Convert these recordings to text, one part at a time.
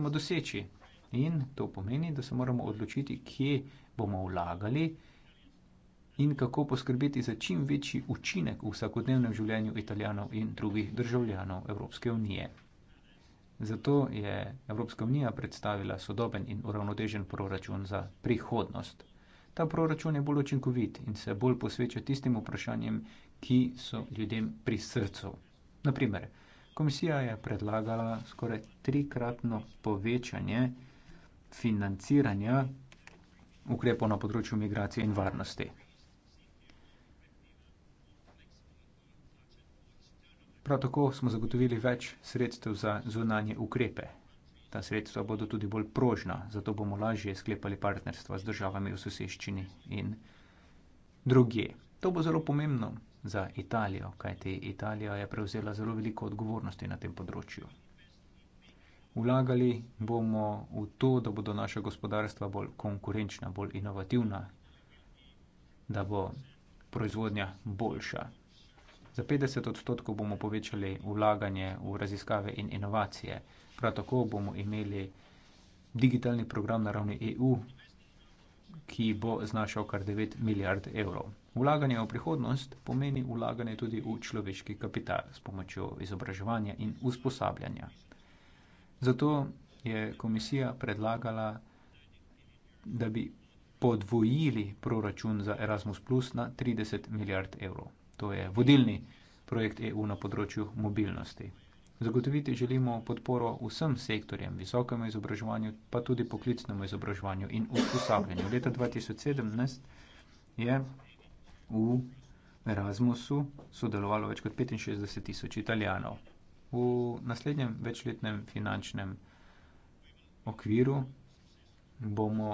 želimo doseči. In to pomeni, da se moramo odločiti, kje bomo vlagali in kako poskrbeti za čim večji učinek v vsakodnevnem življenju italijanov in drugih državljanov Evropske unije. Zato je Evropska unija predstavila sodoben in uravnotežen proračun za prihodnost. Ta proračun je bolj učinkovit in se bolj posveča tistim vprašanjem, ki so ljudem pri srcu. Naprimer, Komisija je predlagala skoraj trikratno povečanje financiranja ukrepov na področju migracije in varnosti. Prav tako smo zagotovili več sredstev za zunanje ukrepe. Ta sredstva bodo tudi bolj prožna, zato bomo lažje sklepali partnerstva z državami v soseščini in drugje. To bo zelo pomembno, za Italijo, kajti Italija je prevzela zelo veliko odgovornosti na tem področju. Vlagali bomo v to, da bodo naše gospodarstva bolj konkurenčna, bolj inovativna, da bo proizvodnja boljša. Za 50 odstotkov bomo povečali vlaganje v raziskave in inovacije. Prav tako bomo imeli digitalni program na ravni EU, ki bo znašal kar 9 milijard evrov. Vlaganje v prihodnost pomeni vlaganje tudi v človeški kapital s pomočjo izobraževanja in usposabljanja. Zato je komisija predlagala, da bi podvojili proračun za Erasmus Plus na 30 milijard evrov. To je vodilni projekt EU na področju mobilnosti. Zagotoviti želimo podporo vsem sektorjem, visokemu izobraževanju, pa tudi poklicnemu izobraževanju in usposabljanju. Leta 2017 je v Erasmusu sodelovalo več kot 65 tisoč italijanov. V naslednjem večletnem finančnem okviru bomo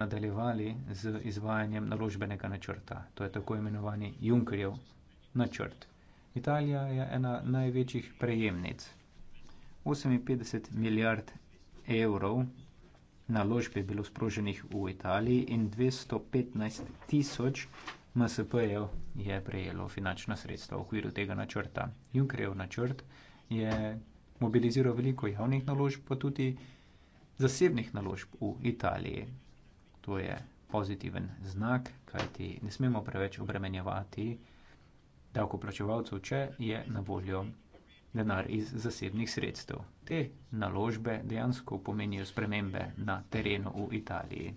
nadaljevali z izvajanjem naložbenega načrta, to je tako imenovani Junkerjev načrt. Italija je ena največjih prejemnic. 58 milijard evrov naložb je bilo sproženih v Italiji in 215 tisoč MSP-jev je prejelo finančna sredstva v okviru tega načrta. Junkerjev načrt je mobiliziral veliko javnih naložb, pa tudi zasebnih naložb v Italiji. To je pozitiven znak, kajti ne smemo preveč obremenjevati davkoplačevalcev, če je na voljo denar iz zasebnih sredstev. Te naložbe dejansko pomenijo spremembe na terenu v Italiji.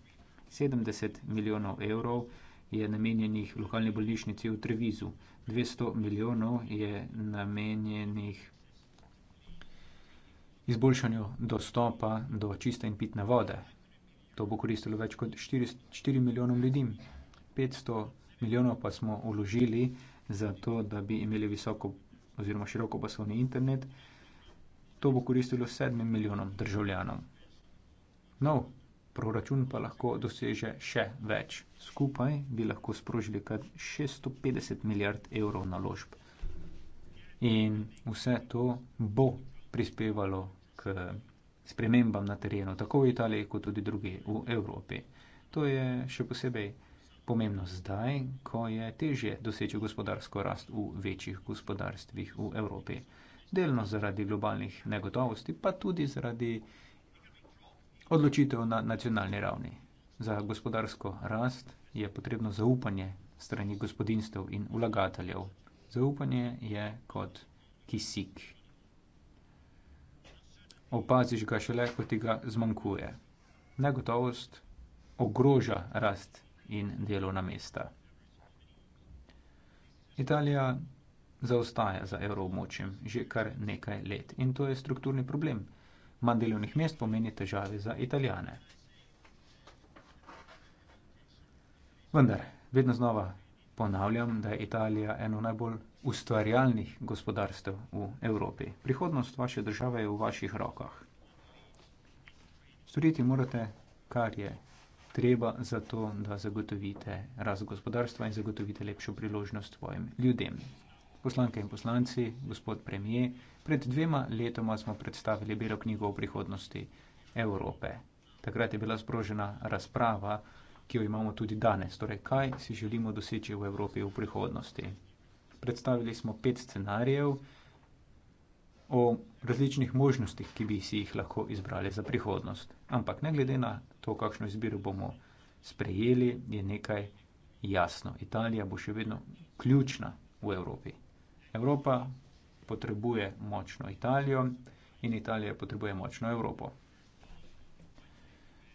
70 milijonov evrov je namenjenih lokalni bolnišnici v Trevizu, 200 milijonov je namenjenih izboljšanju dostopa do čiste in pitne vode. To bo koristilo več kot 4, 4 milijonom ljudi. 500 milijonov pa smo uložili za to, da bi imeli visoko oziroma široko poslovni internet. To bo koristilo 7 milijonom državljanom. No, proračun pa lahko doseže še več. Skupaj bi lahko sprožili kar 650 milijard evrov naložb. In vse to bo prispevalo k spremembam na terenu, tako v Italiji, kot tudi druge v Evropi. To je še posebej pomembno zdaj, ko je težje doseči gospodarsko rast v večjih gospodarstvih v Evropi. Delno zaradi globalnih negotovosti, pa tudi zaradi odločitev na nacionalni ravni. Za gospodarsko rast je potrebno zaupanje strani gospodinstv in vlagateljev. Zaupanje je kot kisik. Opaziš ga šele, ko ti ga zmanjkuje. Negotovost ogroža rast in delovna mesta. Italija zaostaja za evroobmočjem že kar nekaj let in to je strukturni problem. Manj delovnih mest pomeni težave za italijane. Vendar, vedno znova ponavljam, da je Italija eno najbolj ustvarjalnih gospodarstev v Evropi. Prihodnost vaše države je v vaših rokah. Storiti morate, kar je treba za to, da zagotovite rast gospodarstva in zagotovite lepšo priložnost svojim ljudem poslanke in poslanci, gospod premije, pred dvema letoma smo predstavili belo knjigo o prihodnosti Evrope. Takrat je bila sprožena razprava, ki jo imamo tudi danes, torej kaj si želimo doseči v Evropi v prihodnosti. Predstavili smo pet scenarijev o različnih možnostih, ki bi si jih lahko izbrali za prihodnost. Ampak ne glede na to, kakšno izbiro bomo sprejeli, je nekaj jasno. Italija bo še vedno ključna v Evropi. Evropa potrebuje močno Italijo in Italija potrebuje močno Evropo.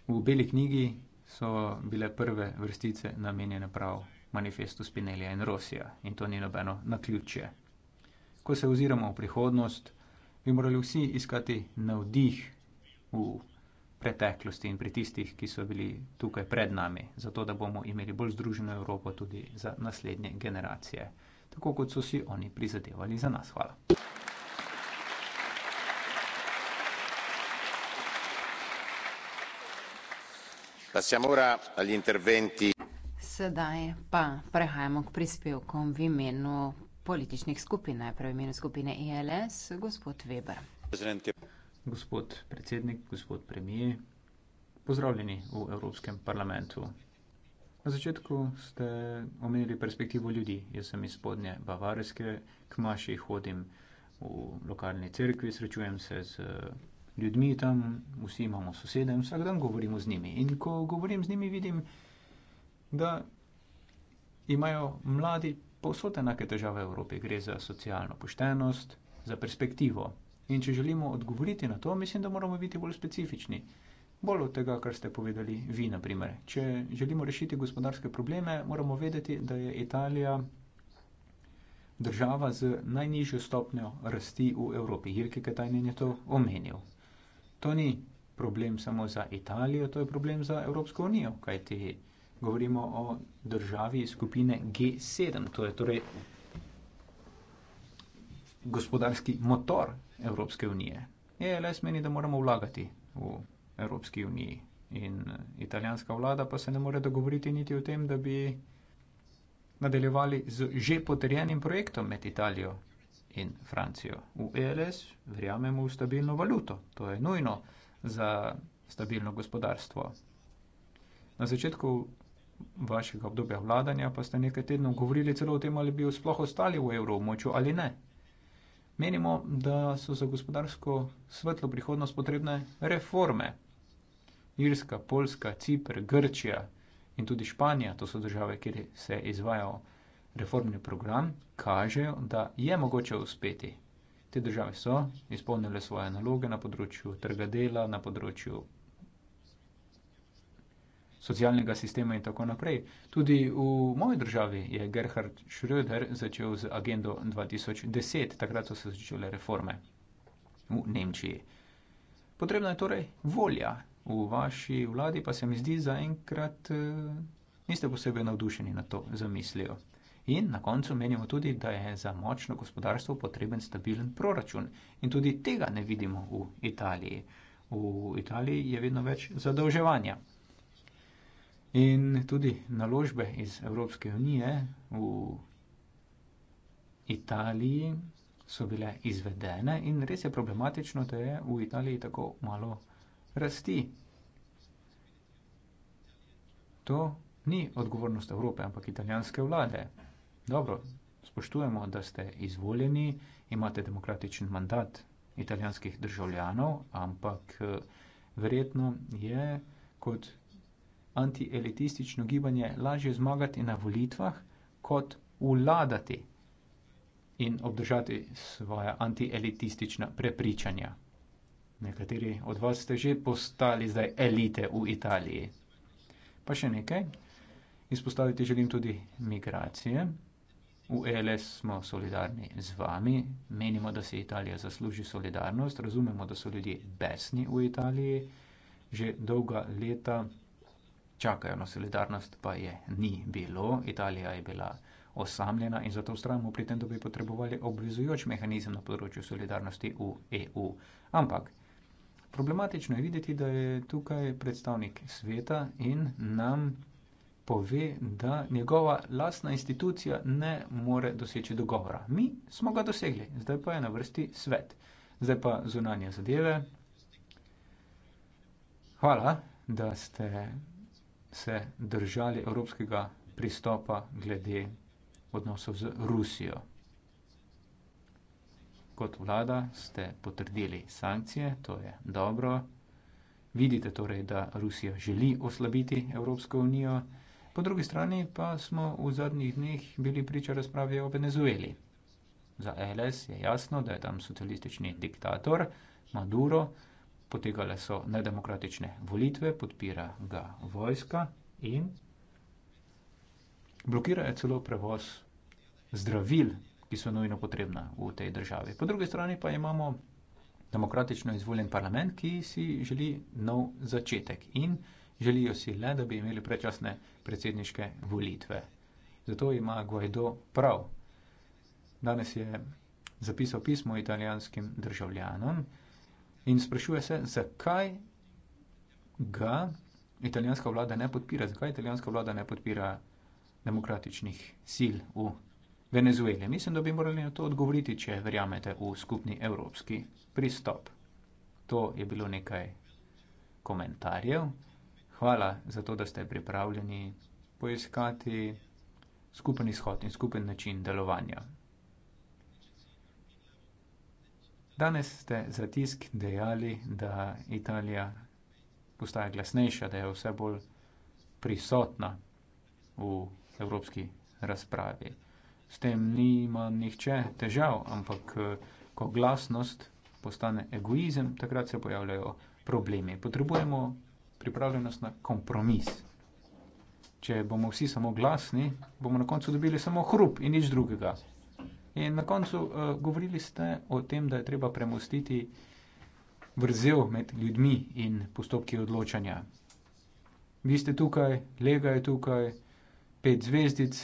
V beli knjigi so bile prve vrstice namenjene prav manifestu Spinelija in Rosija in to ni nobeno naključje. Ko se oziramo v prihodnost, bi morali vsi iskati navdih v preteklosti in pri tistih, ki so bili tukaj pred nami, zato da bomo imeli bolj združeno Evropo tudi za naslednje generacije tako kot so si oni prizadevali za nas. Hvala. Sedaj pa prehajamo k prispevkom v imenu političnih skupin, najprej v imenu skupine ILS, e gospod Weber. Gospod predsednik, gospod premije, pozdravljeni v Evropskem parlamentu. Na začetku ste omenili perspektivo ljudi. Jaz sem iz spodnje Bavarske, k Maši hodim v lokalni cerkvi, srečujem se z ljudmi tam, vsi imamo sosede in vsak dan govorimo z njimi. In ko govorim z njimi, vidim, da imajo mladi povsod enake težave v Evropi. Gre za socialno poštenost, za perspektivo. In če želimo odgovoriti na to, mislim, da moramo biti bolj specifični. Bolj od tega, kar ste povedali vi, na primer. Če želimo rešiti gospodarske probleme, moramo vedeti, da je Italija država z najnižjo stopnjo rasti v Evropi. Jirke Katajnen je to omenil. To ni problem samo za Italijo, to je problem za Evropsko unijo, kajti govorimo o državi skupine G7, to je torej gospodarski motor Evropske unije. Je le smeni, da moramo vlagati v Evropski uniji. In eh, italijanska vlada pa se ne more dogovoriti niti o tem, da bi nadaljevali z že potrjenim projektom med Italijo in Francijo. V ELS verjamemo v stabilno valuto. To je nujno za stabilno gospodarstvo. Na začetku vašega obdobja vladanja pa ste nekaj tednov govorili celo o tem, ali bi sploh ostali v evromočju ali ne. Menimo, da so za gospodarsko svetlo prihodnost potrebne reforme, Irska, Poljska, Cipr, Grčija in tudi Španija, to so države, kjer se izvaja reformni program, kažejo, da je mogoče uspeti. Te države so izpolnile svoje naloge na področju trga dela, na področju socialnega sistema in tako naprej. Tudi v moji državi je Gerhard Schröder začel z agendo 2010, takrat so se začele reforme v Nemčiji. Potrebna je torej volja v vaši vladi pa se mi zdi zaenkrat eh, niste posebej navdušeni na to zamislijo. In na koncu menimo tudi, da je za močno gospodarstvo potreben stabilen proračun. In tudi tega ne vidimo v Italiji. V Italiji je vedno več zadolževanja. In tudi naložbe iz Evropske unije v Italiji so bile izvedene in res je problematično, da je v Italiji tako malo rasti. To ni odgovornost Evrope, ampak italijanske vlade. Dobro, spoštujemo, da ste izvoljeni, imate demokratičen mandat italijanskih državljanov, ampak eh, verjetno je kot antielitistično gibanje lažje zmagati na volitvah, kot vladati in obdržati svoja antielitistična prepričanja. Nekateri od vas ste že postali zdaj elite v Italiji. Pa še nekaj. Izpostaviti želim tudi migracije. V ELS smo solidarni z vami, menimo, da se Italija zasluži solidarnost, razumemo, da so ljudje besni v Italiji, že dolga leta čakajo na solidarnost, pa je ni bilo. Italija je bila osamljena in zato ustrajamo pri tem, da bi potrebovali obvezujoč mehanizem na področju solidarnosti v EU. Ampak problematično je videti, da je tukaj predstavnik sveta in nam pove, da njegova lastna institucija ne more doseči dogovora. Mi smo ga dosegli, zdaj pa je na vrsti svet. Zdaj pa zunanje zadeve. Hvala, da ste se držali evropskega pristopa glede odnosov z Rusijo kot vlada ste potrdili sankcije, to je dobro. Vidite torej, da Rusija želi oslabiti Evropsko unijo. Po drugi strani pa smo v zadnjih dneh bili priča razprave o Venezueli. Za LS je jasno, da je tam socialistični diktator Maduro, potekale so nedemokratične volitve, podpira ga vojska in blokirajo celo prevoz zdravil ki so nujno potrebna v tej državi. Po drugi strani pa imamo demokratično izvoljen parlament, ki si želi nov začetek in želijo si le, da bi imeli predčasne predsedniške volitve. Zato ima Guaido prav. Danes je zapisal pismo italijanskim državljanom in sprašuje se, zakaj ga italijanska vlada ne podpira, zakaj italijanska vlada ne podpira demokratičnih sil v Venezuele. Mislim, da bi morali na to odgovoriti, če verjamete v skupni evropski pristop. To je bilo nekaj komentarjev. Hvala za to, da ste pripravljeni poiskati skupen izhod in skupen način delovanja. Danes ste za tisk dejali, da Italija postaja glasnejša, da je vse bolj prisotna v evropski razpravi s tem nima nihče težav, ampak eh, ko glasnost postane egoizem, takrat se pojavljajo problemi. Potrebujemo pripravljenost na kompromis. Če bomo vsi samo glasni, bomo na koncu dobili samo hrup in nič drugega. In na koncu uh, govorili ste o tem, da je treba premustiti vrzel med ljudmi in postopki odločanja. Vi ste tukaj, Lega je tukaj, pet zvezdic,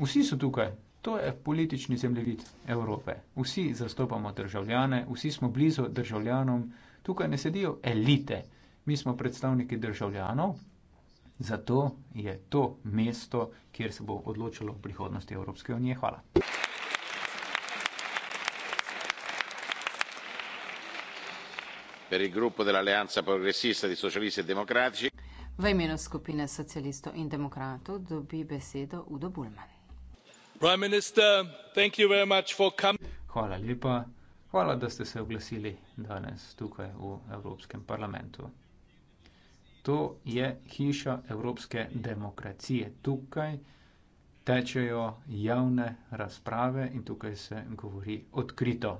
Vsi so tukaj. To je politični zemljevid Evrope. Vsi zastopamo državljane, vsi smo blizu državljanom. Tukaj ne sedijo elite, mi smo predstavniki državljanov. Zato je to mesto, kjer se bo odločilo o prihodnosti Evropske unije. Hvala. E v imenu skupine socialistov in demokratov dobi besedo Udo Bulman. Hvala lepa. Hvala, da ste se oglasili danes tukaj v Evropskem parlamentu. To je hiša Evropske demokracije. Tukaj tečejo javne razprave in tukaj se govori odkrito.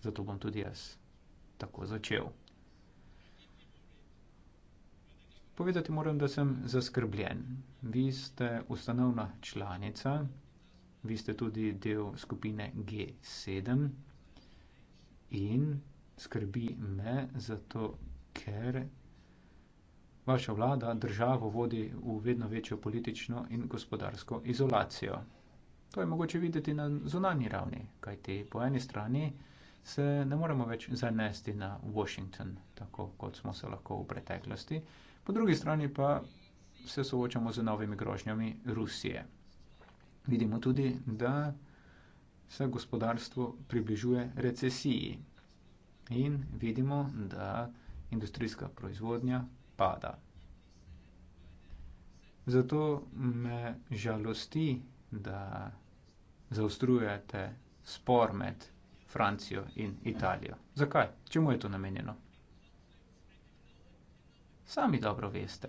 Zato bom tudi jaz tako začel. Povedati moram, da sem zaskrbljen. Vi ste ustanovna članica vi ste tudi del skupine G7 in skrbi me zato, ker vaša vlada državo vodi v vedno večjo politično in gospodarsko izolacijo. To je mogoče videti na zunanji ravni, kajti po eni strani se ne moremo več zanesti na Washington, tako kot smo se lahko v preteklosti, po drugi strani pa se soočamo z novimi grožnjami Rusije. Vidimo tudi, da se gospodarstvo približuje recesiji in vidimo, da industrijska proizvodnja pada. Zato me žalosti, da zaostrujete spor med Francijo in Italijo. Zakaj? Čemu je to namenjeno? Sami dobro veste,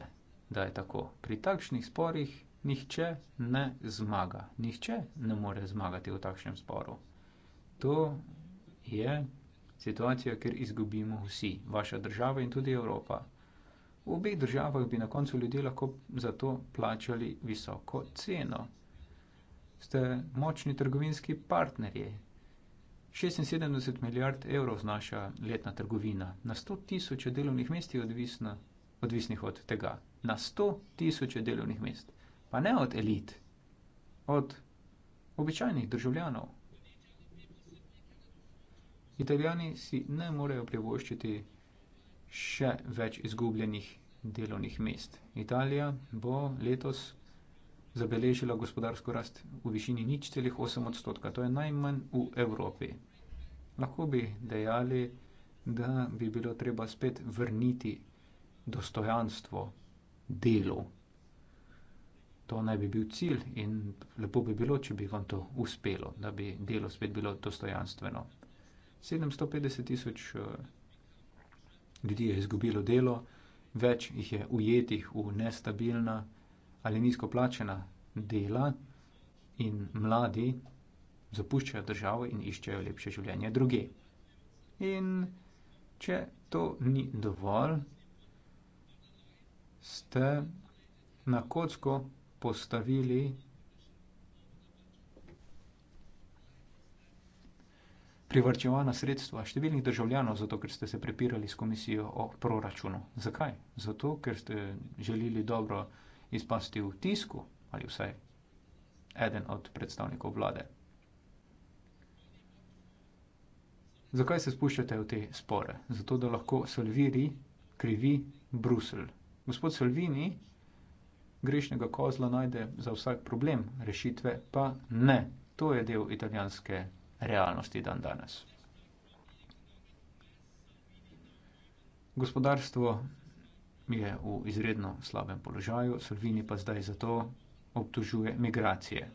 da je tako. Pri takšnih sporih nihče ne zmaga. Nihče ne more zmagati v takšnem sporu. To je situacija, kjer izgubimo vsi, vaša država in tudi Evropa. V obeh državah bi na koncu ljudje lahko za to plačali visoko ceno. Ste močni trgovinski partnerji. 76 milijard evrov znaša letna trgovina. Na 100 tisoče delovnih mest je odvisna, odvisnih od tega. Na 100 tisoče delovnih mest pa ne od elit, od običajnih državljanov. Italijani si ne morejo privoščiti še več izgubljenih delovnih mest. Italija bo letos zabeležila gospodarsko rast v višini nič celih 8 odstotka, to je najmanj v Evropi. Lahko bi dejali, da bi bilo treba spet vrniti dostojanstvo delu to naj bi bil cilj in lepo bi bilo, če bi vam to uspelo, da bi delo spet bilo dostojanstveno. 750 tisoč eh, ljudi je izgubilo delo, več jih je ujetih v nestabilna ali nizko plačena dela in mladi zapuščajo državo in iščejo lepše življenje druge. In če to ni dovolj, ste na kocko postavili privrčevana sredstva številnih državljanov, zato ker ste se prepirali s komisijo o proračunu. Zakaj? Zato, ker ste želili dobro izpasti v tisku, ali vsaj eden od predstavnikov vlade. Zakaj se spuščate v te spore? Zato, da lahko Salviri krivi Brusel. Gospod Salvini grešnega kozla najde za vsak problem, rešitve pa ne. To je del italijanske realnosti dan danes. Gospodarstvo je v izredno slabem položaju, Salvini pa zdaj zato obtožuje migracije.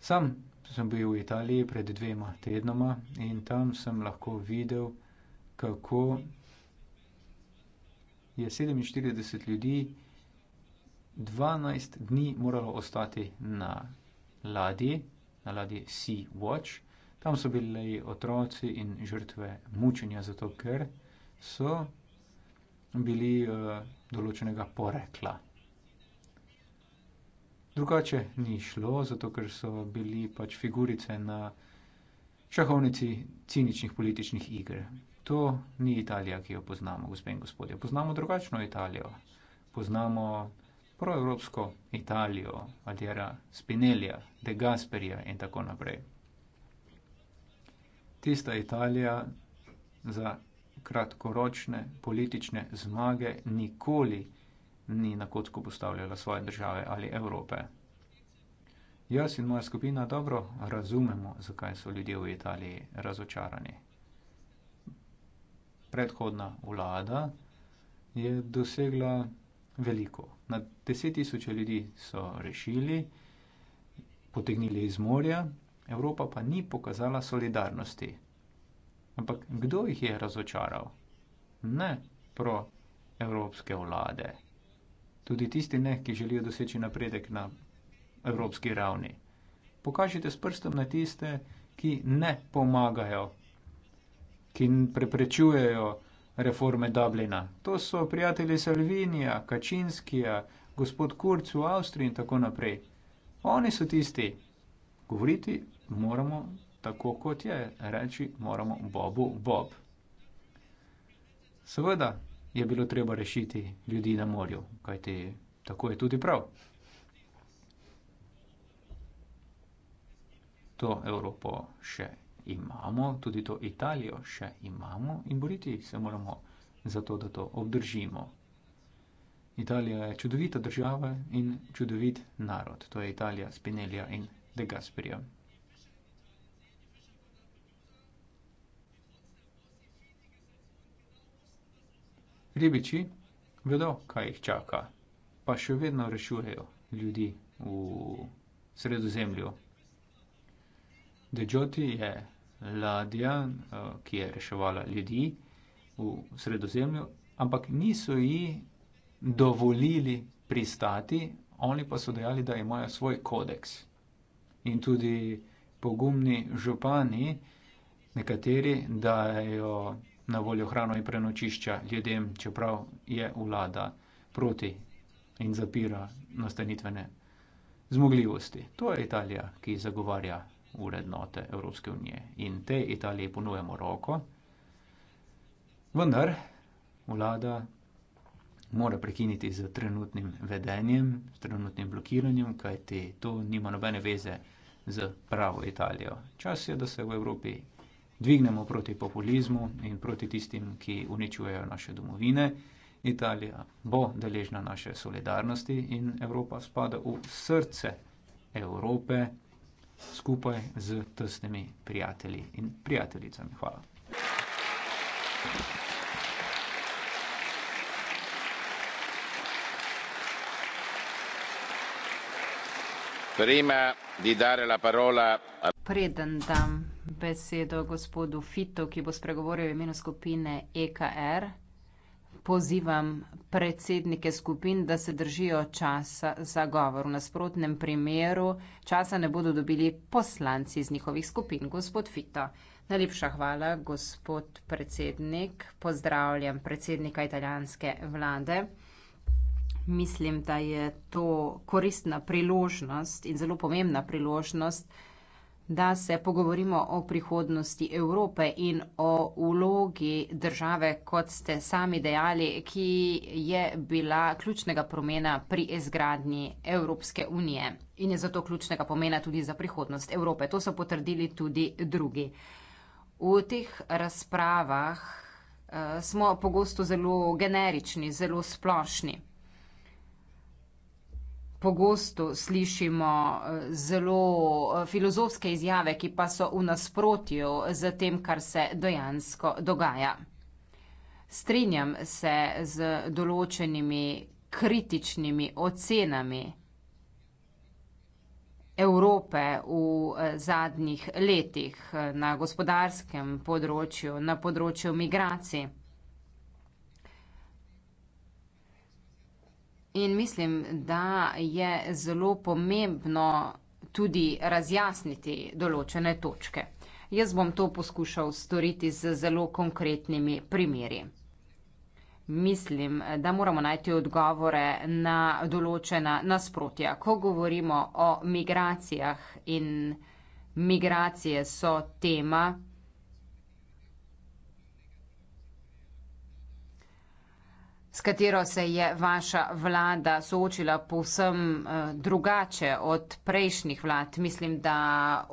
Sam sem bil v Italiji pred dvema tednoma in tam sem lahko videl, kako je 47 ljudi, 12 dni moralo ostati na ladji, na ladji Sea Watch. Tam so bili otroci in žrtve mučenja, zato ker so bili uh, določenega porekla. Drugače ni šlo, zato ker so bili pač figurice na šahovnici ciničnih političnih iger. To ni Italija, ki jo poznamo, gospe in gospodje. Poznamo drugačno Italijo. Poznamo proevropsko Italijo, Aljera Spinelija, De Gasperija in tako naprej. Tista Italija za kratkoročne politične zmage nikoli ni na kocko postavljala svoje države ali Evrope. Jaz in moja skupina dobro razumemo, zakaj so ljudje v Italiji razočarani. Predhodna vlada je dosegla veliko. Na deset tisoče ljudi so rešili, potegnili iz morja, Evropa pa ni pokazala solidarnosti. Ampak kdo jih je razočaral? Ne pro-evropske vlade. Tudi tisti ne, ki želijo doseči napredek na evropski ravni. Pokažite s prstom na tiste, ki ne pomagajo, ki preprečujejo reforme Dublina. To so prijatelji Salvinija, Kačinskija, gospod Kurc v Avstriji in tako naprej. Oni so tisti, govoriti moramo tako, kot je, reči moramo Bobu Bob. Seveda je bilo treba rešiti ljudi na morju, kajti tako je tudi prav. To Evropo še imamo, tudi to Italijo še imamo in boriti se moramo za to, da to obdržimo. Italija je čudovita država in čudovit narod, to je Italija, Spinelija in De Gasperija. Ribiči vedo, kaj jih čaka, pa še vedno rešujejo ljudi v sredozemlju. De Gioti je ladja, eh, ki je reševala ljudi v sredozemlju, ampak niso ji dovolili pristati, oni pa so dejali, da imajo svoj kodeks. In tudi pogumni župani, nekateri dajo na voljo hrano in prenočišča ljudem, čeprav je vlada proti in zapira nastanitvene zmogljivosti. To je Italija, ki zagovarja urednote Evropske unije. In te Italije ponujemo roko, vendar vlada mora prekiniti z trenutnim vedenjem, z trenutnim blokiranjem, kajti to nima nobene veze z pravo Italijo. Čas je, da se v Evropi dvignemo proti populizmu in proti tistim, ki uničujejo naše domovine. Italija bo deležna naše solidarnosti in Evropa spada v srce Evrope skupaj z tesnimi prijatelji in prijateljicami. Hvala. Prima di dare la parola. Preden dam besedo gospodu Fito, ki bo spregovoril v imenu skupine EKR, pozivam predsednike skupin, da se držijo časa za govor. V nasprotnem primeru časa ne bodo dobili poslanci iz njihovih skupin. Gospod Fito, najlepša hvala, gospod predsednik. Pozdravljam predsednika italijanske vlade. Mislim, da je to koristna priložnost in zelo pomembna priložnost, da se pogovorimo o prihodnosti Evrope in o vlogi države, kot ste sami dejali, ki je bila ključnega promena pri izgradnji Evropske unije in je zato ključnega pomena tudi za prihodnost Evrope. To so potrdili tudi drugi. V teh razpravah uh, smo pogosto zelo generični, zelo splošni pogosto slišimo eh, zelo eh, filozofske izjave, ki pa so v nasprotju z tem, kar se dejansko dogaja. Strinjam se z določenimi kritičnimi ocenami Evrope v eh, zadnjih letih na gospodarskem področju, na področju migracij. In mislim, da je zelo pomembno tudi razjasniti določene točke. Jaz bom to poskušal storiti z zelo konkretnimi primeri. Mislim, da moramo najti odgovore na določena nasprotja. Ko govorimo o migracijah in migracije so tema, s katero se je vaša vlada soočila povsem eh, drugače od prejšnjih vlad. Mislim, da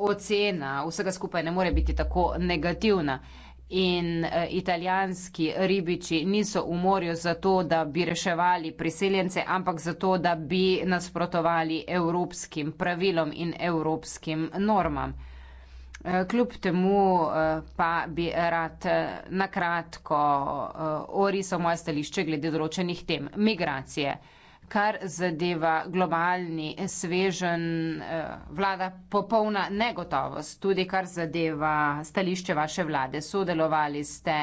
ocena vsega skupaj ne more biti tako negativna. In eh, italijanski ribiči niso v morju zato, da bi reševali priseljence, ampak zato, da bi nasprotovali evropskim pravilom in evropskim normam. Kljub temu eh, pa bi rad eh, na kratko eh, orisal moje stališče glede določenih tem. Migracije, kar zadeva globalni svežen, vlada popolna negotovost, tudi kar zadeva stališče vaše vlade. Sodelovali ste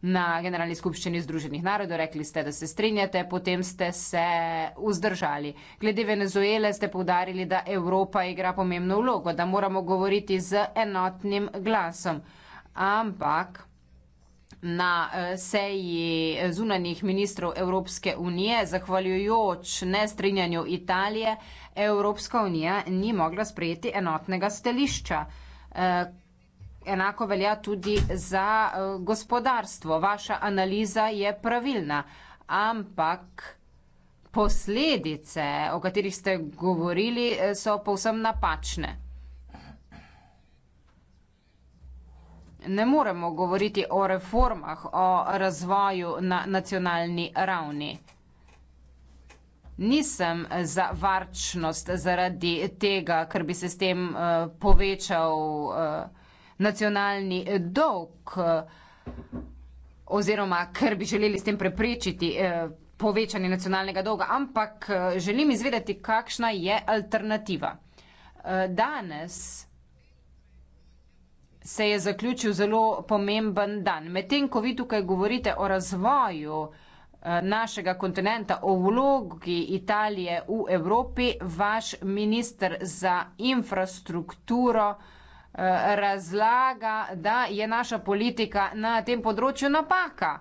na Generalni skupščini Združenih narodov, rekli ste, da se strinjate, potem ste se vzdržali. Glede Venezuele ste povdarili, da Evropa igra pomembno vlogo, da moramo govoriti z enotnim glasom. Ampak na eh, seji zunanjih ministrov Evropske unije, zahvaljujoč nestrinjanju Italije, Evropska unija ni mogla sprejeti enotnega stališča. Eh, enako velja tudi za eh, gospodarstvo. Vaša analiza je pravilna, ampak posledice, o katerih ste govorili, eh, so povsem napačne. Ne moremo govoriti o reformah, o razvoju na nacionalni ravni. Nisem za varčnost zaradi tega, ker bi se s tem eh, povečal vsega, nacionalni eh, dolg eh, oziroma ker bi želeli s tem preprečiti eh, povečanje nacionalnega dolga, ampak želim izvedeti, kakšna je alternativa. Danes se je zaključil zelo pomemben dan. Medtem, ko vi tukaj govorite o razvoju našega kontinenta, o vlogi Italije v Evropi, vaš minister za infrastrukturo razlaga, da je naša politika na tem področju napaka.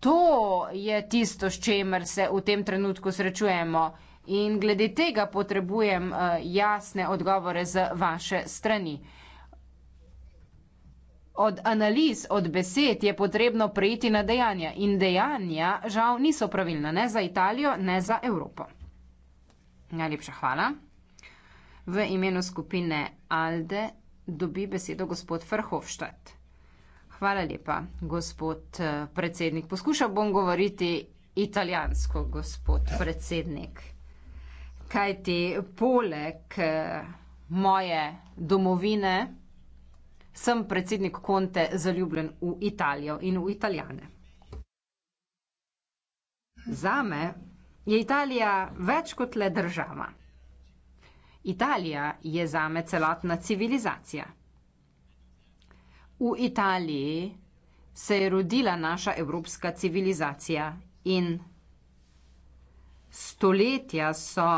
To je tisto, s čemer se v tem trenutku srečujemo in glede tega potrebujem eh, jasne odgovore z vaše strani. Od analiz, od besed je potrebno prejiti na dejanja in dejanja žal niso pravilna ne za Italijo, ne za Evropo. Najlepša hvala. V imenu skupine Alde dobi besedo gospod Frhovštad. Hvala lepa, gospod eh, predsednik. Poskušal bom govoriti italijansko, gospod predsednik. Kaj ti poleg eh, moje domovine sem predsednik Conte zaljubljen v Italijo in v Italijane. Zame je Italija več kot le država. Italija je zame celotna civilizacija. V Italiji se je rodila naša evropska civilizacija in stoletja so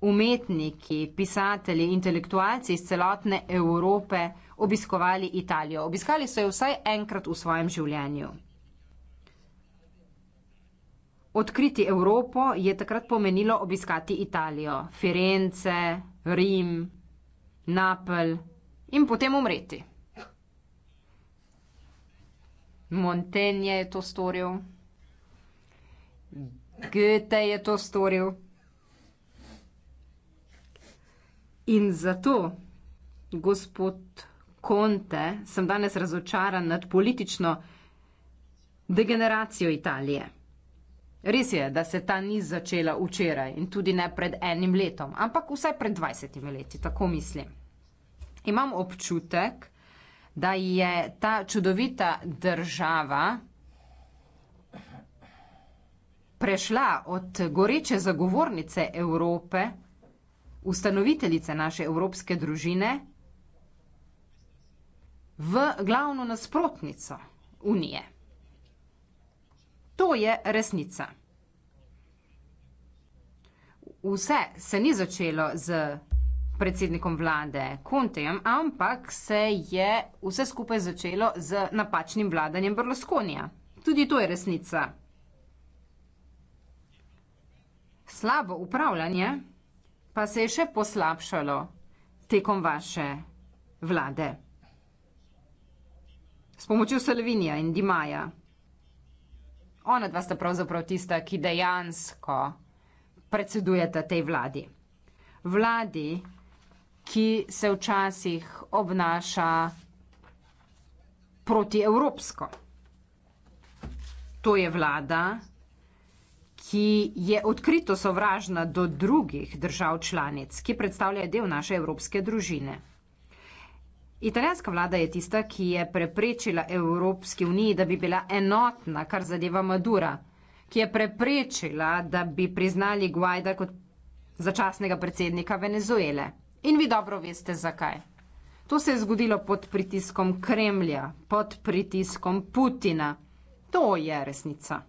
umetniki, pisatelji, intelektualci iz celotne Evrope obiskovali Italijo. Obiskali so jo vsaj enkrat v svojem življenju. Odkriti Evropo je takrat pomenilo obiskati Italijo, Firence, Rim, Napelj in potem umreti. Montenje je to storil, Goethe je to storil. In zato, gospod Conte, sem danes razočaran nad politično degeneracijo Italije. Res je, da se ta ni začela včeraj in tudi ne pred enim letom, ampak vsaj pred 20 leti, tako mislim. Imam občutek, da je ta čudovita država prešla od goreče zagovornice Evrope, ustanoviteljice naše evropske družine, v glavno nasprotnico Unije. To je resnica. Vse se ni začelo z predsednikom vlade Kontejem, ampak se je vse skupaj začelo z napačnim vladanjem Brloskonija. Tudi to je resnica. Slabo upravljanje pa se je še poslabšalo tekom vaše vlade. S pomočjo Salvinija in Dimaja ona dva sta pravzaprav tista, ki dejansko predsedujeta tej vladi. Vladi, ki se včasih obnaša protievropsko. To je vlada, ki je odkrito sovražna do drugih držav članic, ki predstavljajo del naše evropske družine. Italijanska vlada je tista, ki je preprečila Evropski uniji, da bi bila enotna, kar zadeva Madura, ki je preprečila, da bi priznali Guaida kot začasnega predsednika Venezuele. In vi dobro veste, zakaj. To se je zgodilo pod pritiskom Kremlja, pod pritiskom Putina. To je resnica.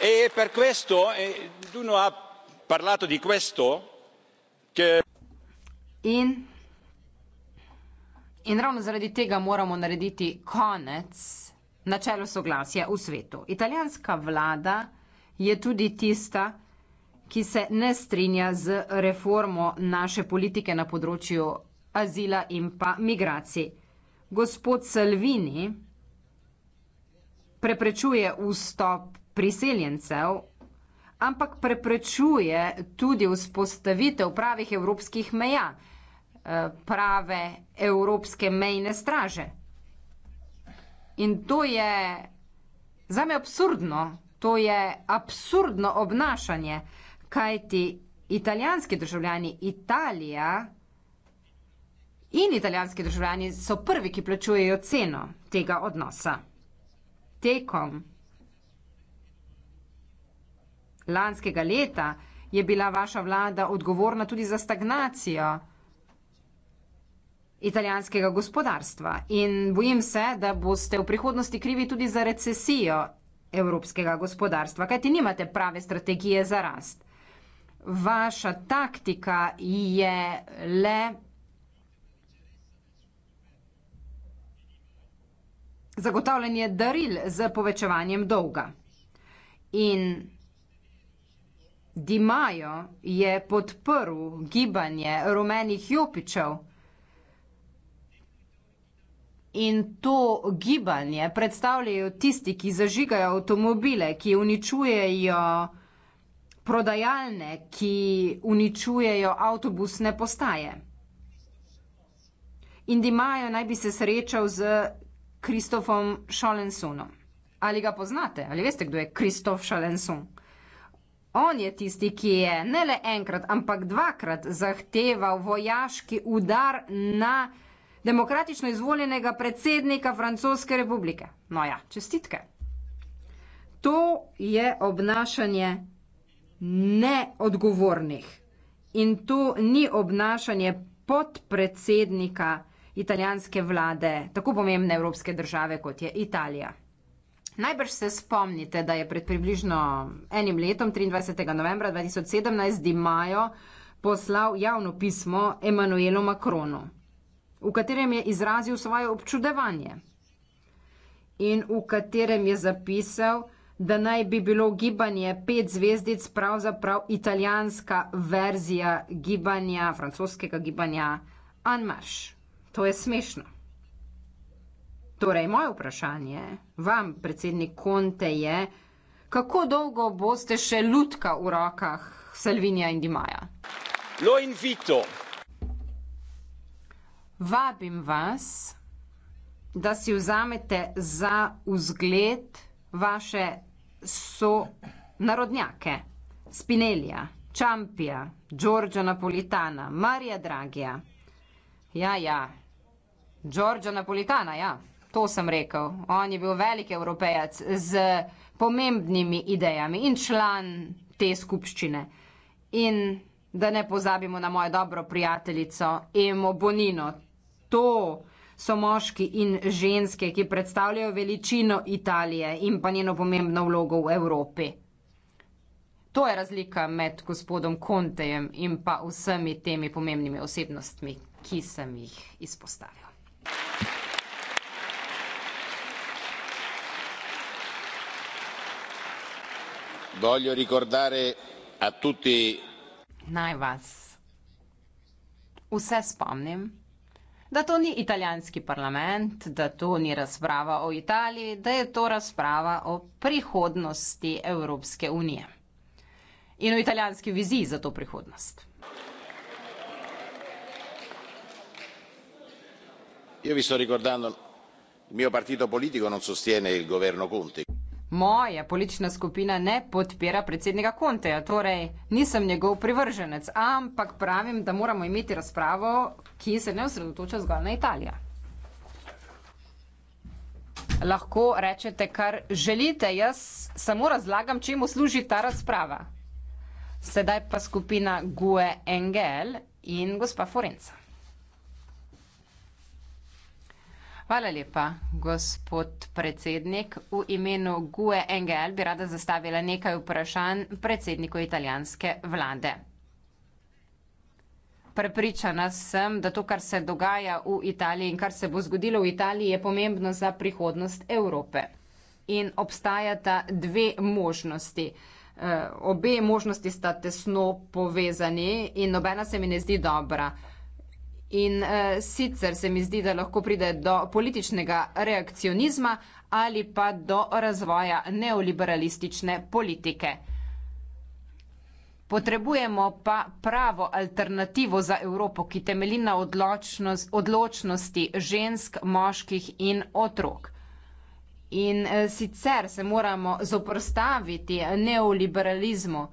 E per questo, e, uno ha parlato di questo, che... In za to. In ravno zaradi tega moramo narediti konec načelu soglasja v svetu. Italijanska vlada je tudi tista, ki se ne strinja z reformo naše politike na področju azila in pa migracij. Gospod Salvini preprečuje vstop priseljencev, ampak preprečuje tudi vzpostavitev pravih evropskih meja prave evropske mejne straže. In to je za me absurdno, to je absurdno obnašanje, kajti italijanski državljani Italija in italijanski državljani so prvi, ki plačujejo ceno tega odnosa. Tekom lanskega leta je bila vaša vlada odgovorna tudi za stagnacijo italijanskega gospodarstva. In bojim se, da boste v prihodnosti krivi tudi za recesijo evropskega gospodarstva, kajti nimate prave strategije za rast. Vaša taktika je le. Zagotavljanje daril z povečevanjem dolga. In Dimajo je podprl gibanje rumenih jopičev in to gibanje predstavljajo tisti, ki zažigajo avtomobile, ki uničujejo prodajalne, ki uničujejo avtobusne postaje. Indimajo naj bi se srečal z Kristofom Šalensunom. Ali ga poznate? Ali veste, kdo je Kristof Šalensun? On je tisti, ki je ne le enkrat, ampak dvakrat zahteval vojaški udar na Kristofa demokratično izvoljenega predsednika Francoske republike. No ja, čestitke. To je obnašanje neodgovornih in to ni obnašanje podpredsednika italijanske vlade, tako pomembne evropske države, kot je Italija. Najbrž se spomnite, da je pred približno enim letom, 23. novembra 2017, Dimajo poslal javno pismo Emanuelu Macronu v katerem je izrazil svoje občudevanje in v katerem je zapisal, da naj bi bilo gibanje pet zvezdic pravzaprav italijanska verzija gibanja, francoskega gibanja En Marche. To je smešno. Torej, moje vprašanje vam, predsednik Conte, je, kako dolgo boste še lutka v rokah Salvinija in Dimaja? Lo invito Vabim vas, da si vzamete za vzgled vaše sonarodnjake. Spinelija, Čampija, Giorgio Napolitana, Marija Dragija. Ja, ja, Giorgio Napolitana, ja, to sem rekel. On je bil velik evropejac z pomembnimi idejami in član te skupščine. In da ne pozabimo na mojo dobro prijateljico Emo Bonino, to so moški in ženske, ki predstavljajo veličino Italije in pa njeno pomembno vlogo v Evropi. To je razlika med gospodom Kontejem in pa vsemi temi pomembnimi osebnostmi, ki sem jih izpostavil. Voglio ricordare a tutti. Naj vas vse spomnim da to ni italijanski parlament, da to ni razprava o Italiji, da je to razprava o prihodnosti Evropske unije in o italijanski viziji za to prihodnost. Io vi sto ricordando, il mio partito politico non sostiene il governo Conte, moja politična skupina ne podpira predsednika Konteja, torej nisem njegov privrženec, ampak pravim, da moramo imeti razpravo, ki se ne osredotoča zgolj na Italijo. Lahko rečete, kar želite, jaz samo razlagam, čemu služi ta razprava. Sedaj pa skupina GUE Engel in gospa Forenca. Hvala lepa, gospod predsednik. V imenu GUE NGL bi rada zastavila nekaj vprašanj predsedniku italijanske vlade. Prepričana sem, da to, kar se dogaja v Italiji in kar se bo zgodilo v Italiji, je pomembno za prihodnost Evrope. In obstajata dve možnosti. Eh, obe možnosti sta tesno povezani in nobena se mi ne zdi dobra. In uh, sicer se mi zdi, da lahko pride do političnega reakcionizma ali pa do razvoja neoliberalistične politike. Potrebujemo pa pravo alternativo za Evropo, ki temelji na odločnost, odločnosti žensk, moških in otrok. In eh, sicer se moramo zoprstaviti neoliberalizmu,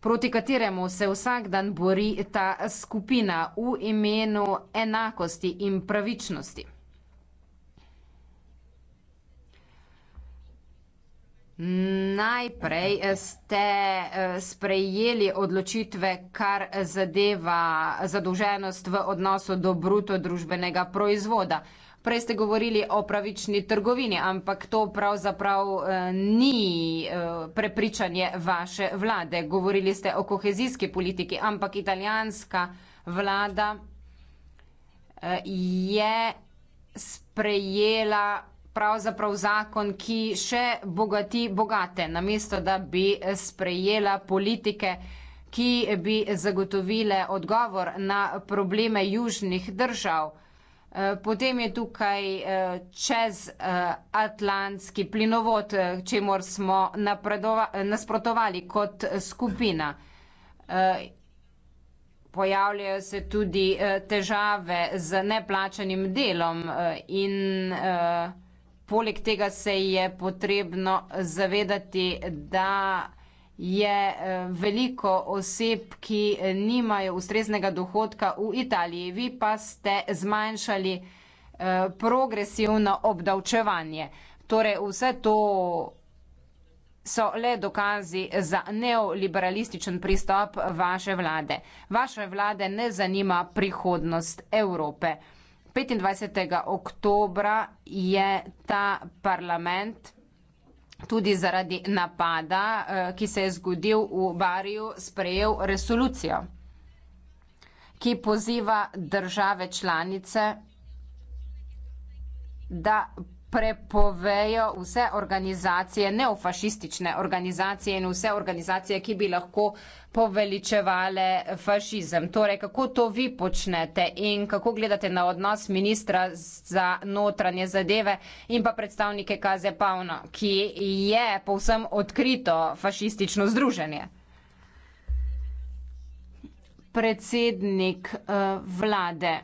proti kateremu se vsak dan bori ta skupina v imenu enakosti in pravičnosti. Najprej ste eh, sprejeli odločitve, kar zadeva zadolženost v odnosu do bruto družbenega proizvoda. Prej ste govorili o pravični trgovini, ampak to pravzaprav eh, ni eh, prepričanje vaše vlade. Govorili ste o kohezijski politiki, ampak italijanska vlada eh, je sprejela pravzaprav zakon, ki še bogati bogate, namesto da bi sprejela politike, ki bi zagotovile odgovor na probleme južnih držav. Eh, potem je tukaj eh, čez eh, Atlantski plinovod, čemor smo nasprotovali kot skupina. Pojavljajo se tudi težave z neplačanim delom in poleg tega se je potrebno zavedati, da je eh, veliko oseb, ki eh, nimajo ustreznega dohodka v Italiji. Vi pa ste zmanjšali eh, progresivno obdavčevanje. Torej vse to so le dokazi za neoliberalističen pristop vaše vlade. Vaše vlade ne zanima prihodnost Evrope. 25. oktobra je ta parlament tudi zaradi napada, eh, ki se je zgodil v Bariju, sprejel resolucijo, ki poziva države članice, da prepovejo vse organizacije, neofašistične organizacije in vse organizacije, ki bi lahko poveličevale fašizem. Torej, kako to vi počnete in kako gledate na odnos ministra za notranje zadeve in pa predstavnike Kaze Pavno, ki je povsem odkrito fašistično združenje? Predsednik uh, vlade.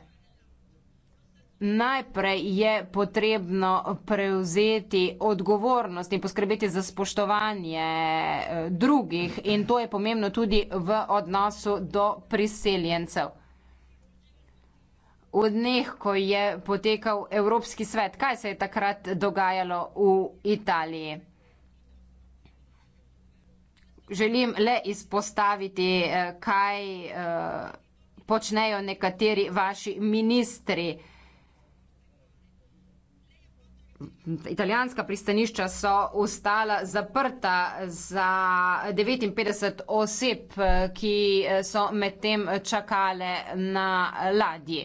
Najprej je potrebno prevzeti odgovornost in poskrbeti za spoštovanje eh, drugih in to je pomembno tudi v odnosu do priseljencev. V dneh, ko je potekal Evropski svet, kaj se je takrat dogajalo v Italiji? Želim le izpostaviti, eh, kaj eh, počnejo nekateri vaši ministri. Italijanska pristanišča so ostala zaprta za 59 oseb, ki so medtem čakale na ladji.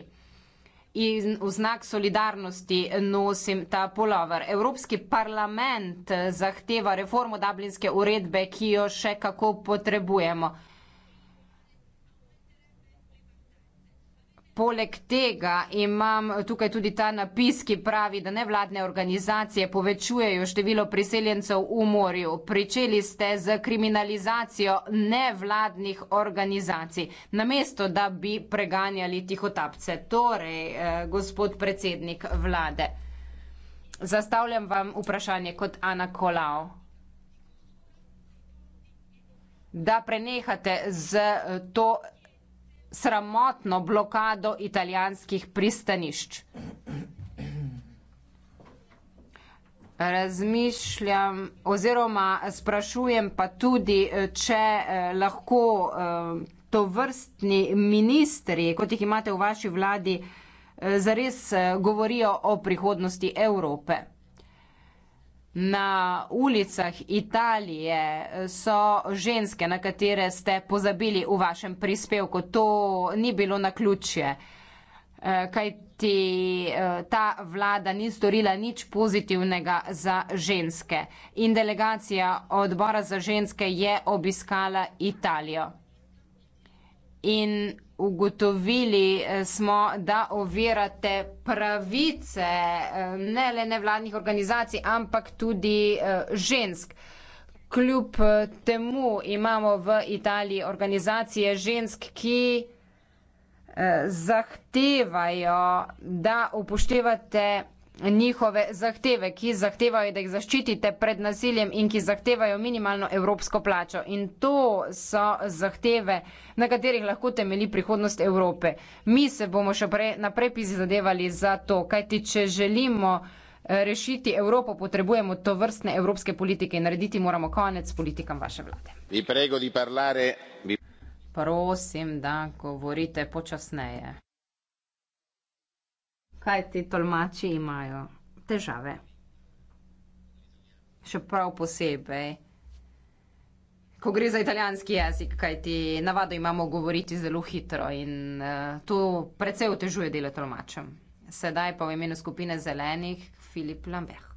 In v znak solidarnosti nosim ta polover. Evropski parlament zahteva reformo dublinske uredbe, ki jo še kako potrebujemo. Poleg tega imam tukaj tudi ta napis, ki pravi, da nevladne organizacije povečujejo število priseljencev v morju. Pričeli ste z kriminalizacijo nevladnih organizacij, namesto da bi preganjali tihotapce. Torej, eh, gospod predsednik vlade, zastavljam vam vprašanje kot Ana Kolao. Da prenehate z to sramotno blokado italijanskih pristanišč. Razmišljam oziroma sprašujem pa tudi, če eh, lahko eh, to vrstni ministri, kot jih imate v vaši vladi, eh, zares govorijo o prihodnosti Evrope. Na ulicah Italije eh, so ženske, na katere ste pozabili v vašem prispevku. To ni bilo na ključje, eh, kaj ti eh, ta vlada ni storila nič pozitivnega za ženske. In delegacija odbora za ženske je obiskala Italijo. In ugotovili eh, smo, da ovirate pravice eh, ne le nevladnih organizacij, ampak tudi eh, žensk. Kljub temu imamo v Italiji organizacije žensk, ki zahtevajo, da upoštevate pravice, njihove zahteve, ki zahtevajo, da jih zaščitite pred nasiljem in ki zahtevajo minimalno evropsko plačo. In to so zahteve, na katerih lahko temeli prihodnost Evrope. Mi se bomo še pre, naprej prizadevali za to, kajti če želimo eh, rešiti Evropo, potrebujemo to vrstne evropske politike in narediti moramo konec politikam vaše vlade. Prego di parlare, vi... Prosim, da govorite počasneje kaj ti tolmači imajo težave. Še prav posebej, ko gre za italijanski jezik, kaj ti navado imamo govoriti zelo hitro in uh, to precej otežuje delo tolmačem. Sedaj pa v imenu skupine zelenih Filip Lambert.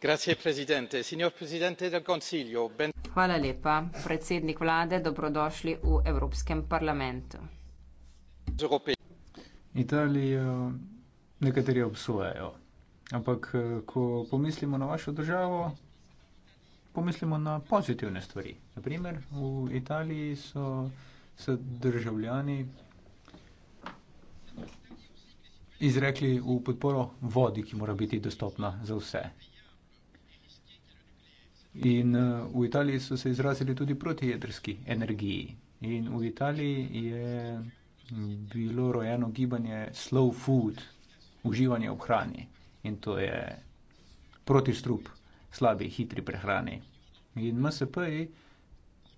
Grazie, presidente. Signor presidente del Consiglio, ben... Hvala lepa, predsednik vlade, dobrodošli v Evropskem parlamentu. Italijo nekateri obsojajo. Ampak, eh, ko pomislimo na vašo državo, pomislimo na pozitivne stvari. Naprimer, v Italiji so, so državljani izrekli v podporo vodi, ki mora biti dostopna za vse. In eh, v Italiji so se izrazili tudi proti jedrski energiji. In v Italiji je bilo rojeno gibanje Slow Food, uživanje v hrani in to je protistrup slabi, hitri prehrani. In MSP-ji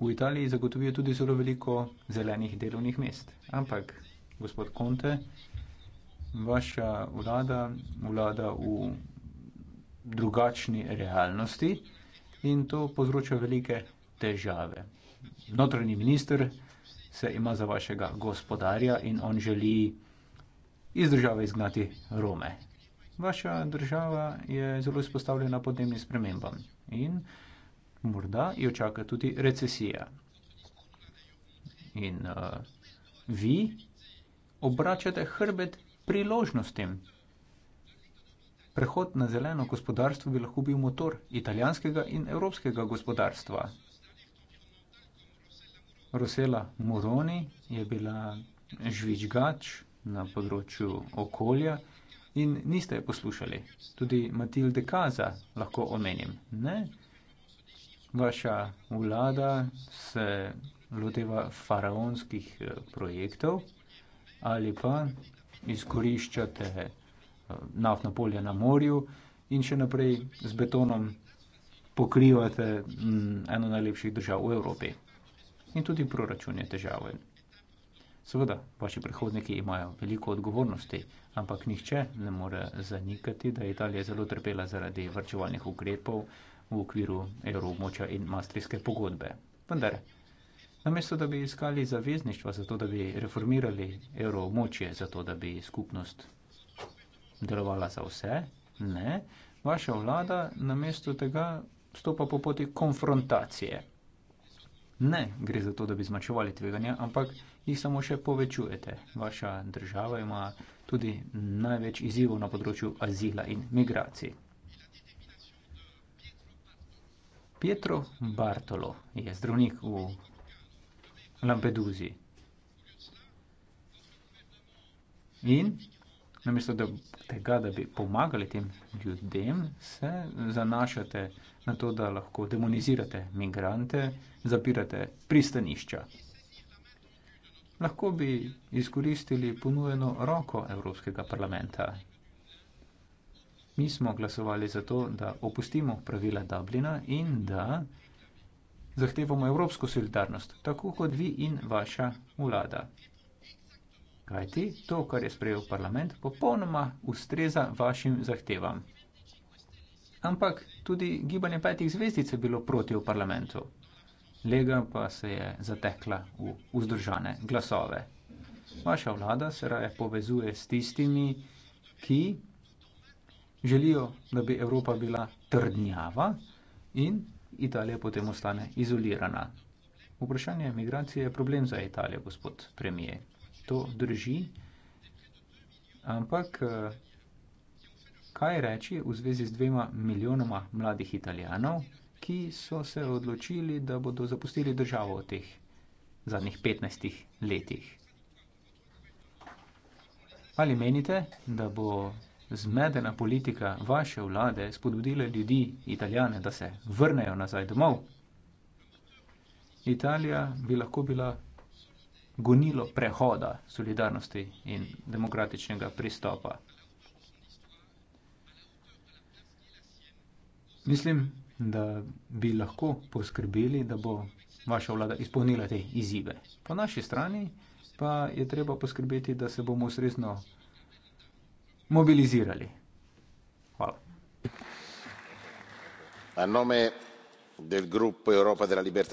v Italiji zagotovijo tudi zelo veliko zelenih delovnih mest. Ampak, gospod Conte, vaša vlada vlada v drugačni realnosti in to povzroča velike težave. Notranji minister se ima za vašega gospodarja in on želi iz države izgnati Rome. Vaša država je zelo izpostavljena podnebnim spremembam in morda jo čaka tudi recesija. In uh, vi obračate hrbet priložnostim. Prehod na zeleno gospodarstvo bi lahko bil motor italijanskega in evropskega gospodarstva. Rosela Moroni je bila žvižgač na področju okolja in niste jo poslušali. Tudi Matilde Kaza lahko omenim. Ne? Vaša vlada se loteva faraonskih eh, projektov ali pa izkoriščate eh, naftno polje na morju in še naprej z betonom pokrivate mm, eno najlepših držav v Evropi. In tudi proračun je težaven. Seveda, vaši prihodniki imajo veliko odgovornosti, ampak nihče ne more zanikati, da je Italija zelo trpela zaradi vrčevalnih ukrepov v okviru evroobmoča in mastrijske pogodbe. Vendar, namesto da bi iskali zavezništva, zato da bi reformirali evroobmoče, zato da bi skupnost delovala za vse, ne, vaša vlada namesto tega stopa po poti konfrontacije. Ne gre za to, da bi zmačevali tveganja, ampak jih samo še povečujete. Vaša država ima tudi največ izzivov na področju azila in migracij. Pietro Bartolo je zdravnik v Lampeduzi. In namesto da tega, da bi pomagali tem ljudem, se zanašate na to, da lahko demonizirate migrante, zapirate pristanišča lahko bi izkoristili ponujeno roko Evropskega parlamenta. Mi smo glasovali za to, da opustimo pravila Dublina in da zahtevamo evropsko solidarnost, tako kot vi in vaša vlada. Kajti to, kar je sprejel parlament, popolnoma ustreza vašim zahtevam. Ampak tudi gibanje petih zvezdic je bilo proti v parlamentu lega pa se je zatekla v vzdržane glasove. Vaša vlada se raje povezuje s tistimi, ki želijo, da bi Evropa bila trdnjava in Italija potem ostane izolirana. Vprašanje migracije je problem za Italijo, gospod premije. To drži, ampak eh, kaj reči v zvezi z dvema milijonoma mladih Italijanov, ki so se odločili, da bodo zapustili državo v teh zadnjih 15 letih. Ali menite, da bo zmedena politika vaše vlade spodbudila ljudi, italijane, da se vrnejo nazaj domov? Italija bi lahko bila gonilo prehoda solidarnosti in demokratičnega pristopa. Mislim, da bi lahko poskrbeli, da bo vaša vlada izpolnila te izzive. Po naši strani pa je treba poskrbeti, da se bomo ustrezno mobilizirali. Hvala.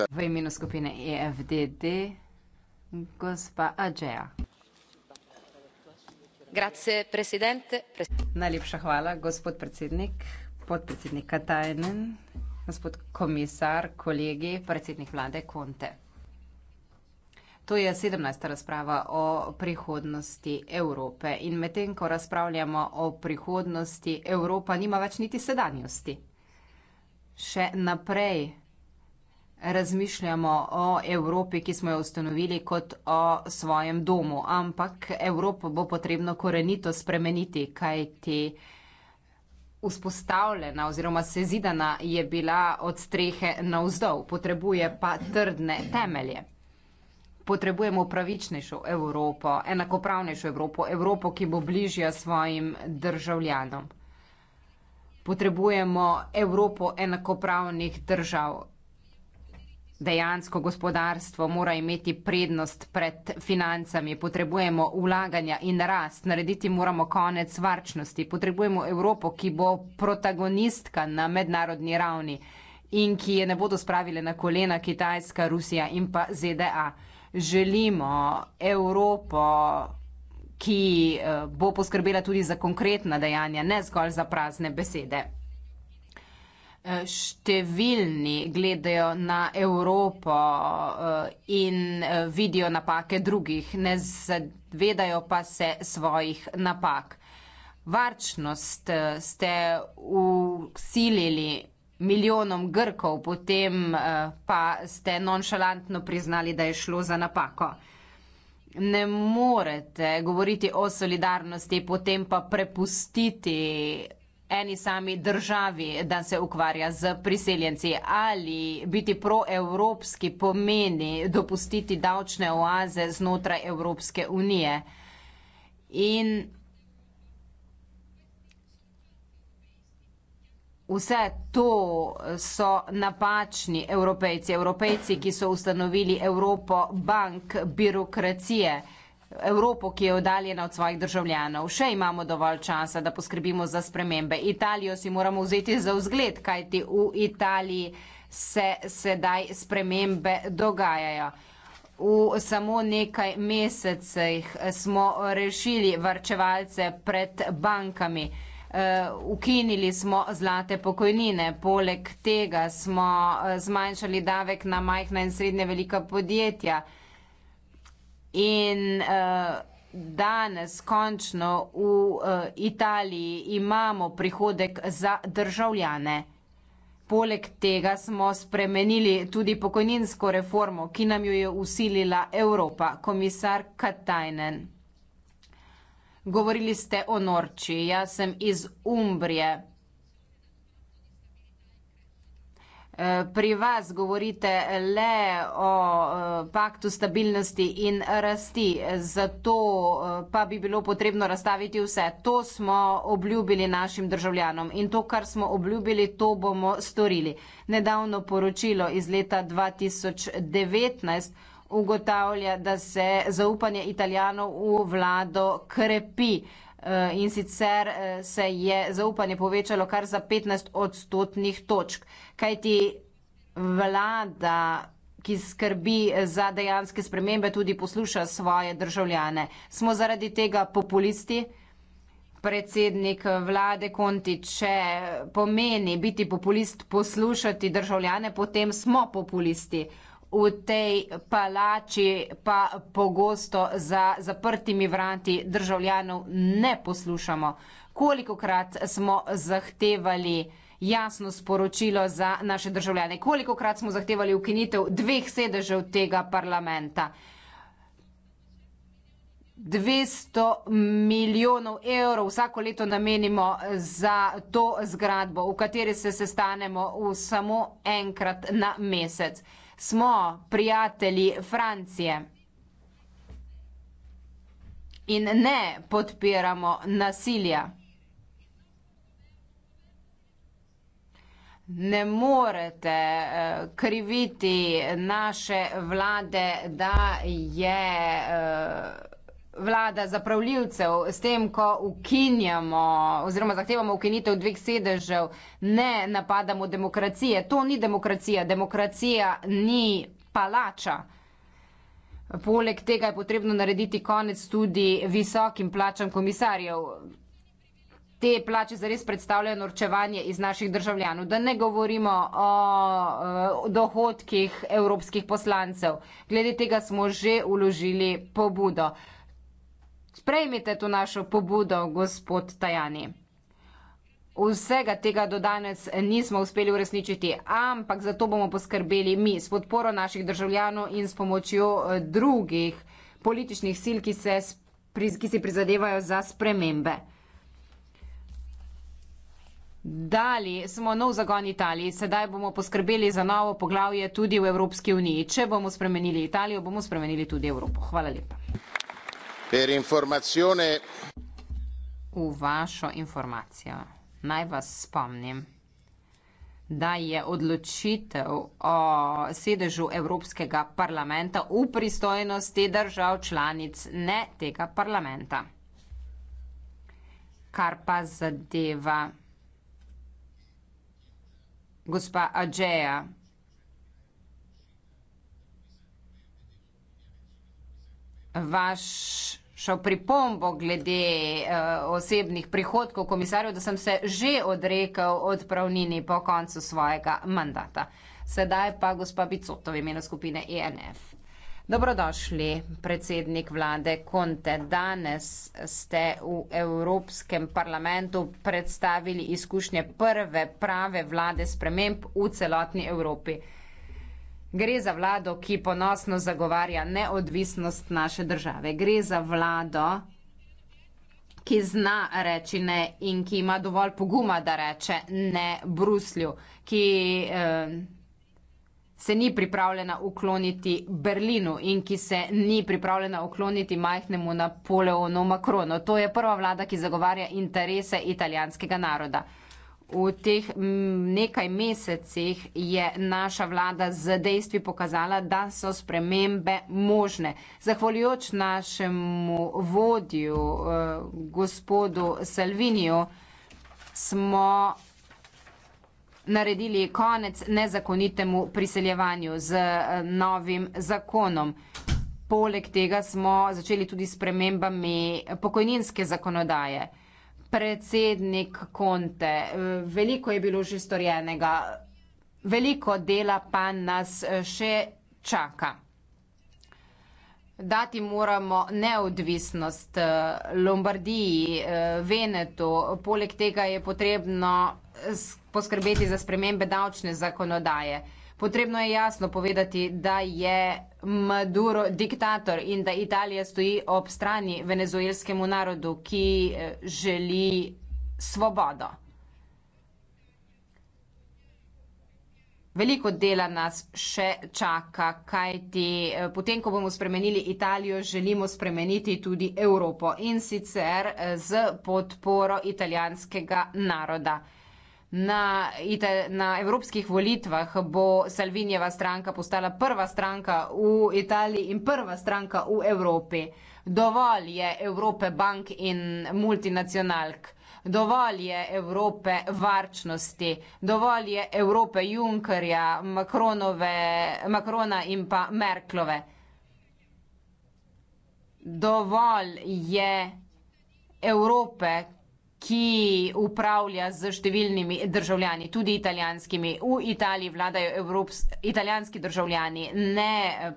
V imenu skupine EFDD, gospa Adžeja. Najlepša hvala, gospod predsednik podpredsednik Katajnen, gospod komisar, kolegi, predsednik vlade Konte. To je 17. razprava o prihodnosti Evrope in medtem, ko razpravljamo o prihodnosti, Evropa nima več niti sedanjosti. Še naprej razmišljamo o Evropi, ki smo jo ustanovili kot o svojem domu, ampak Evropo bo potrebno korenito spremeniti, kaj ti. Vzpostavljena oziroma sezidana je bila od strehe navzdol, potrebuje pa trdne temelje. Potrebujemo pravičnejšo Evropo, enakopravnejšo Evropo, Evropo, ki bo bližja svojim državljanom. Potrebujemo Evropo enakopravnih držav, Dejansko gospodarstvo mora imeti prednost pred financami. Potrebujemo ulaganja in rast. Narediti moramo konec varčnosti. Potrebujemo Evropo, ki bo protagonistka na mednarodni ravni in ki je ne bodo spravile na kolena Kitajska, Rusija in pa ZDA. Želimo Evropo, ki eh, bo poskrbela tudi za konkretna dejanja, ne zgolj za prazne besede. Eh, številni gledajo na Evropo eh, in eh, vidijo napake drugih, ne zavedajo pa se svojih napak. Varčnost ste usilili milijonom Grkov, potem pa ste nonšalantno priznali, da je šlo za napako. Ne morete govoriti o solidarnosti, potem pa prepustiti eni sami državi, da se ukvarja z priseljenci. Ali biti proevropski pomeni dopustiti davčne oaze znotraj Evropske unije? In vse to so napačni evropejci, evropejci, ki so ustanovili Evropo bank birokracije. Evropo, ki je oddaljena od svojih državljanov. Še imamo dovolj časa, da poskrbimo za spremembe. Italijo si moramo vzeti za vzgled, kajti v Italiji se sedaj spremembe dogajajo. V samo nekaj mesecih smo rešili varčevalce pred bankami. Eh, ukinili smo zlate pokojnine, poleg tega smo eh, zmanjšali davek na majhna in srednje velika podjetja. In uh, danes končno v uh, Italiji imamo prihodek za državljane. Poleg tega smo spremenili tudi pokojninsko reformo, ki nam jo je usilila Evropa, komisar Katajnen. Govorili ste o Norči, jaz sem iz Umbrije. pri vas govorite le o e, paktu stabilnosti in rasti, zato e, pa bi bilo potrebno razstaviti vse. To smo obljubili našim državljanom in to, kar smo obljubili, to bomo storili. Nedavno poročilo iz leta 2019 ugotavlja, da se zaupanje Italijanov v vlado krepi. Eh, in sicer eh, se je zaupanje povečalo kar za 15 odstotnih točk. Kaj ti vlada, ki skrbi eh, za dejanske spremembe, tudi posluša svoje državljane? Smo zaradi tega populisti? Predsednik vlade Konti, če pomeni biti populist, poslušati državljane, potem smo populisti v tej palači pa pogosto za zaprtimi vranti državljanov ne poslušamo. Kolikokrat smo zahtevali jasno sporočilo za naše državljane, kolikokrat smo zahtevali ukinitev dveh sedežev tega parlamenta. 200 milijonov evrov vsako leto namenimo za to zgradbo, v kateri se sestanemo v samo enkrat na mesec smo prijatelji Francije in ne podpiramo nasilja. Ne morete eh, kriviti naše vlade, da je... Uh, vlada zapravljivcev s tem, ko ukinjamo oziroma zahtevamo ukinitev dveh sedežev, ne napadamo demokracije. To ni demokracija. Demokracija ni palača. Poleg tega je potrebno narediti konec tudi visokim plačam komisarjev. Te plače zares predstavljajo norčevanje iz naših državljanov. Da ne govorimo o, o dohodkih evropskih poslancev. Glede tega smo že uložili pobudo. Sprejmite to našo pobudo, gospod Tajani. Vsega tega do danes nismo uspeli uresničiti, ampak zato bomo poskrbeli mi s podporo naših državljanov in s pomočjo eh, drugih političnih sil, ki, se, ki si prizadevajo za spremembe. Dali smo nov zagon Italiji, sedaj bomo poskrbeli za novo poglavje tudi v Evropski uniji. Če bomo spremenili Italijo, bomo spremenili tudi Evropo. Hvala lepa per informazione u vašo informacijo naj vas spomnim da je odločitev o sedežu Evropskega parlamenta v pristojnosti držav članic, ne tega parlamenta. Kar pa zadeva gospa Adžeja. vaš šel pripombo glede uh, osebnih prihodkov komisarjev, da sem se že odrekel odpravnini po koncu svojega mandata. Sedaj pa gospa Bicotov imena skupine ENF. Dobrodošli, predsednik vlade Konte. Danes ste v Evropskem parlamentu predstavili izkušnje prve prave vlade sprememb v celotni Evropi. Uh, Gre za vlado, ki ponosno zagovarja neodvisnost naše države. Gre za vlado, ki zna reči ne in ki ima dovolj poguma, da reče ne Bruslju, ki eh, se ni pripravljena ukloniti Berlinu in ki se ni pripravljena ukloniti majhnemu Napoleonu Makronu. To je prva vlada, ki zagovarja interese italijanskega naroda. V teh nekaj mesecih je naša vlada z dejstvi pokazala, da so spremembe možne. Zahvaljujoč našemu vodju, eh, gospodu Salviniju, smo naredili konec nezakonitemu priseljevanju z eh, novim zakonom. Poleg tega smo začeli tudi spremembami pokojninske zakonodaje predsednik Konte, veliko je bilo že storjenega, veliko dela pa nas še čaka. Dati moramo neodvisnost Lombardiji, Venetu, poleg tega je potrebno poskrbeti za spremembe davčne zakonodaje. Potrebno je jasno povedati, da je Maduro diktator in da Italija stoji ob strani venezuelskemu narodu, ki eh, želi svobodo. Veliko dela nas še čaka, kajti eh, potem, ko bomo spremenili Italijo, želimo spremeniti tudi Evropo in sicer z eh, podporo italijanskega naroda. Na, ita, na evropskih volitvah bo Salvinjeva stranka postala prva stranka v Italiji in prva stranka v Evropi. Dovolj je Evrope bank in multinacionalk, dovolj je Evrope varčnosti, dovolj je Evrope Junkerja, Makrona in pa Merklove. Dovolj je Evrope, ki upravlja z številnimi državljani, tudi italijanskimi. V Italiji vladajo Evrops italijanski državljani, ne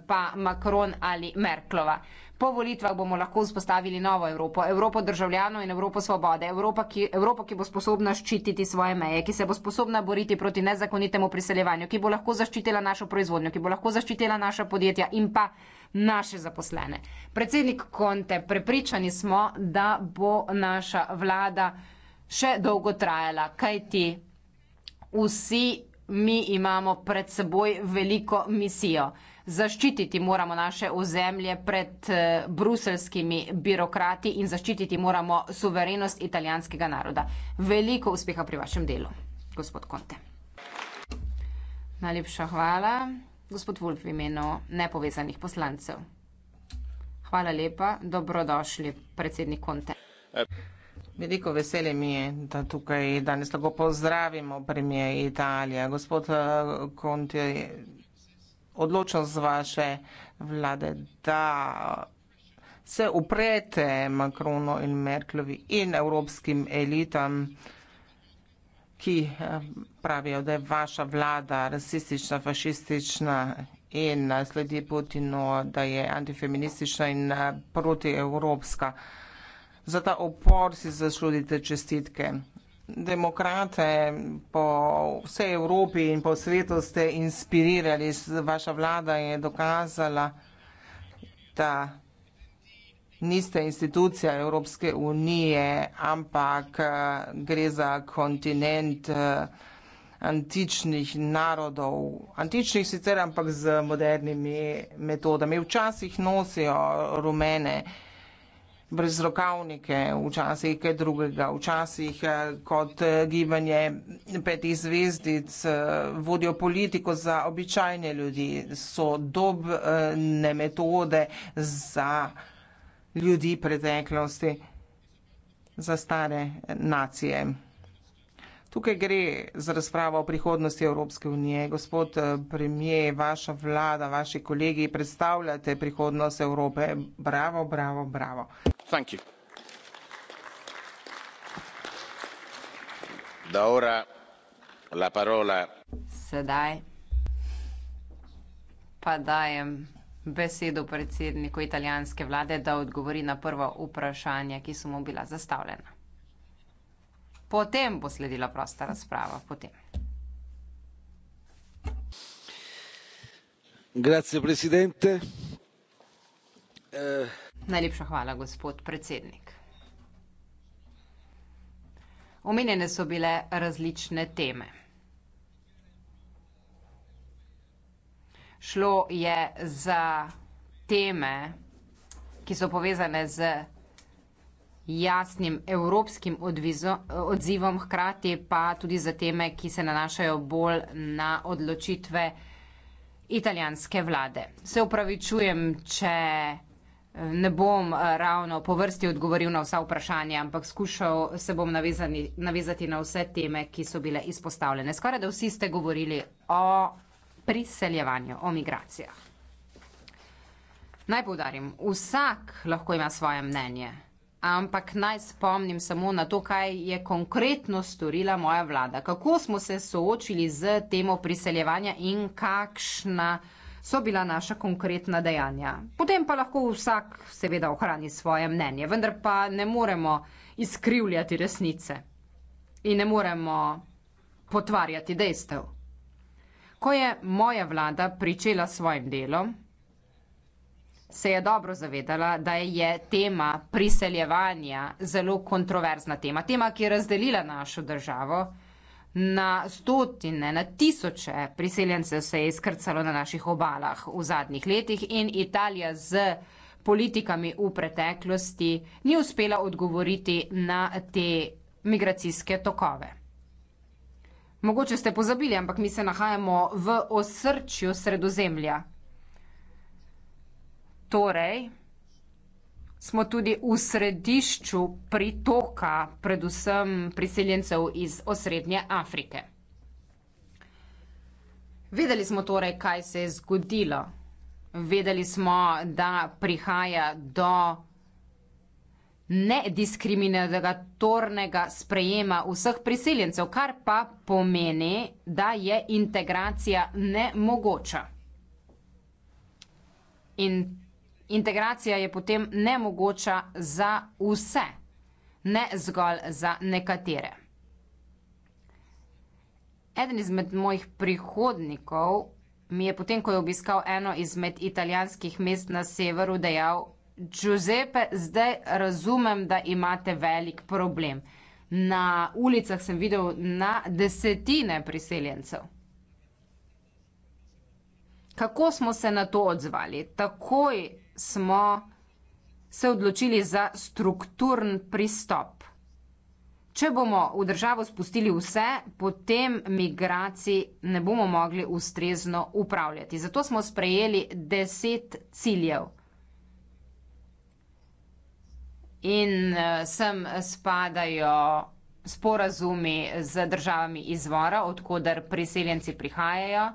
pa Macron ali Merklova. Po volitvah bomo lahko vzpostavili novo Evropo, Evropo državljanov in Evropo svobode, Evropa, ki, Evropo, ki bo sposobna ščititi svoje meje, ki se bo sposobna boriti proti nezakonitemu priseljevanju, ki bo lahko zaščitila našo proizvodnjo, ki bo lahko zaščitila naša podjetja in pa naše zaposlene. Predsednik Konte, prepričani smo, da bo naša vlada še dolgo trajala, kaj ti vsi mi imamo pred seboj veliko misijo. Zaščititi moramo naše ozemlje pred eh, bruselskimi birokrati in zaščititi moramo suverenost italijanskega naroda. Veliko uspeha pri vašem delu, gospod Konte. Najlepša hvala gospod Vulf v imenu nepovezanih poslancev. Hvala lepa, dobrodošli, predsednik Konte. Veliko veselje mi je, da tukaj danes lahko pozdravimo premije Italije. Gospod Konte, eh, odločen z vaše vlade, da se uprete Macronu in Merklovi in evropskim elitam, ki eh, pravijo, da je vaša vlada rasistična, fašistična in eh, sledi Putinu, da je antifeministična in eh, protievropska. Za ta opor si zaslužite čestitke. Demokrate po vsej Evropi in po svetu ste inspirirali. Vaša vlada je dokazala, da niste institucija Evropske unije, ampak eh, gre za kontinent eh, antičnih narodov, antičnih sicer, ampak z modernimi metodami. Včasih nosijo rumene brezrokavnike, včasih kaj drugega, včasih eh, kot gibanje petih zvezdic vodijo politiko za običajne ljudi, so dobne metode za ljudi preteklosti, za stare nacije. Tukaj gre za razpravo o prihodnosti Evropske unije. Gospod eh, premijer, vaša vlada, vaši kolegi predstavljate prihodnost Evrope. Bravo, bravo, bravo. Thank you. Da ora la parola. Sedaj pa dajem besedo predsedniku italijanske vlade, da odgovori na prvo vprašanje, ki so mu bila zastavljena. Potem bo sledila prosta razprava, potem. Eh. Najlepša hvala, gospod predsednik. Omenjene so bile različne teme. šlo je za teme, ki so povezane z jasnim evropskim odvizo, odzivom, hkrati pa tudi za teme, ki se nanašajo bolj na odločitve italijanske vlade. Se upravičujem, če ne bom eh, ravno po vrsti odgovoril na vsa vprašanja, ampak skušal se bom navezati na vse teme, ki so bile izpostavljene. Skoraj da vsi ste govorili o priseljevanju, o migracijah. Naj povdarim, vsak lahko ima svoje mnenje, ampak naj spomnim samo na to, kaj je konkretno storila moja vlada, kako smo se soočili z temo priseljevanja in kakšna so bila naša konkretna dejanja. Potem pa lahko vsak seveda ohrani svoje mnenje, vendar pa ne moremo izkrivljati resnice in ne moremo potvarjati dejstev. Ko je moja vlada pričela svojim delom, se je dobro zavedala, da je tema priseljevanja zelo kontroverzna tema. Tema, ki je razdelila našo državo na stotine, na tisoče priseljencev se je izkrcalo na naših obalah v zadnjih letih in Italija z politikami v preteklosti ni uspela odgovoriti na te migracijske tokove. Mogoče ste pozabili, ampak mi se nahajamo v osrčju sredozemlja. Torej, smo tudi v središču pritoka, predvsem priseljencev iz osrednje Afrike. Vedeli smo torej, kaj se je zgodilo. Vedeli smo, da prihaja do nediskriminatornega sprejema vseh priseljencev, kar pa pomeni, da je integracija nemogoča. In integracija je potem nemogoča za vse, ne zgolj za nekatere. Eden izmed mojih prihodnikov mi je potem, ko je obiskal eno izmed italijanskih mest na severu, dejal, Giuseppe, zdaj razumem, da imate velik problem. Na ulicah sem videl na desetine priseljencev. Kako smo se na to odzvali? Takoj smo se odločili za strukturn pristop. Če bomo v državo spustili vse, potem migracij ne bomo mogli ustrezno upravljati. Zato smo sprejeli deset ciljev in eh, sem spadajo sporazumi z državami izvora, odkudar priseljenci prihajajo.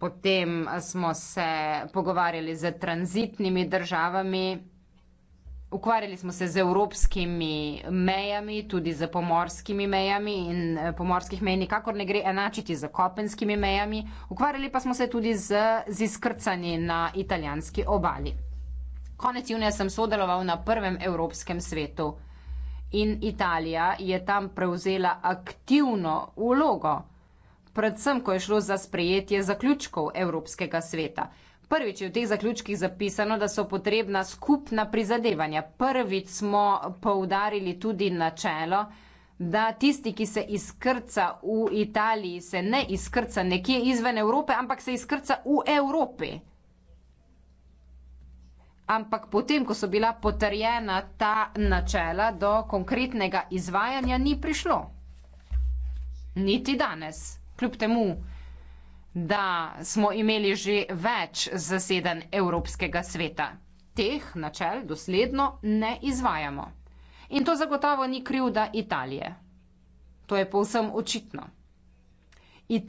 Potem eh, smo se pogovarjali z tranzitnimi državami, ukvarjali smo se z evropskimi mejami, tudi z pomorskimi mejami in eh, pomorskih mej nikakor ne gre enačiti z kopenskimi mejami, ukvarjali pa smo se tudi z, z izkrcani na italijanski obali. Konec junija sem sodeloval na prvem Evropskem svetu in Italija je tam prevzela aktivno vlogo, predvsem ko je šlo za sprejetje zaključkov Evropskega sveta. Prvič je v teh zaključkih zapisano, da so potrebna skupna prizadevanja. Prvič smo poudarili tudi načelo, da tisti, ki se izkrca v Italiji, se ne izkrca nekje izven Evrope, ampak se izkrca v Evropi ampak potem, ko so bila potrjena ta načela, do konkretnega izvajanja ni prišlo. Niti danes, kljub temu, da smo imeli že več zaseden Evropskega sveta. Teh načel dosledno ne izvajamo. In to zagotovo ni krivda Italije. To je povsem očitno.